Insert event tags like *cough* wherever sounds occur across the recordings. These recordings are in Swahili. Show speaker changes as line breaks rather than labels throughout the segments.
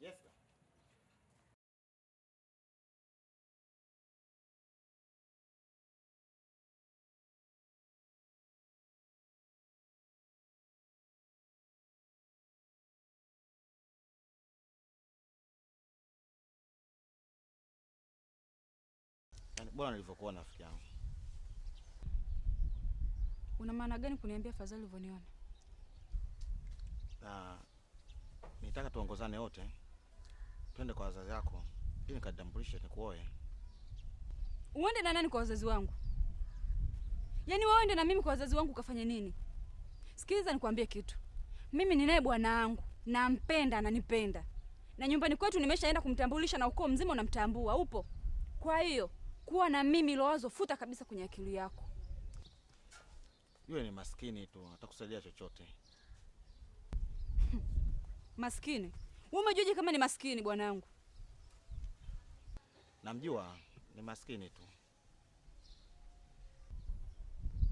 Yes, sir. Bora nilivyokuwa rafiki yangu.
Una maana gani kuniambia fadhali ulivyoniona?
Ah, nitaka tuongozane wote twende kwa wazazi wako ili nikatambulishe nikuoe.
Uende na nani kwa wazazi wangu? Yaani wewe uende na mimi kwa wazazi wangu ukafanye nini? Sikiliza nikwambie kitu, mimi ninaye bwana wangu, nampenda, ananipenda na nyumbani kwetu nimeshaenda kumtambulisha, na ukoo mzima unamtambua, upo. Kwa hiyo kuwa na mimi lowazo, futa kabisa kwenye akili yako.
Yule ni maskini tu, hatakusaidia chochote.
*laughs* Maskini? Umejuaje kama ni maskini bwanangu?
Namjua ni maskini tu.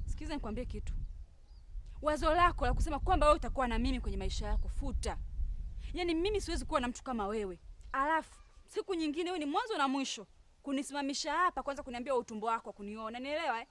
Sikiza nikwambie kitu. Wazo lako la kusema kwamba wewe utakuwa na mimi kwenye maisha yako, futa. Yaani mimi siwezi kuwa na mtu kama wewe, alafu siku nyingine wewe ni mwanzo na mwisho kunisimamisha hapa, kwanza kuniambia utumbo wako kuniona, nielewa eh?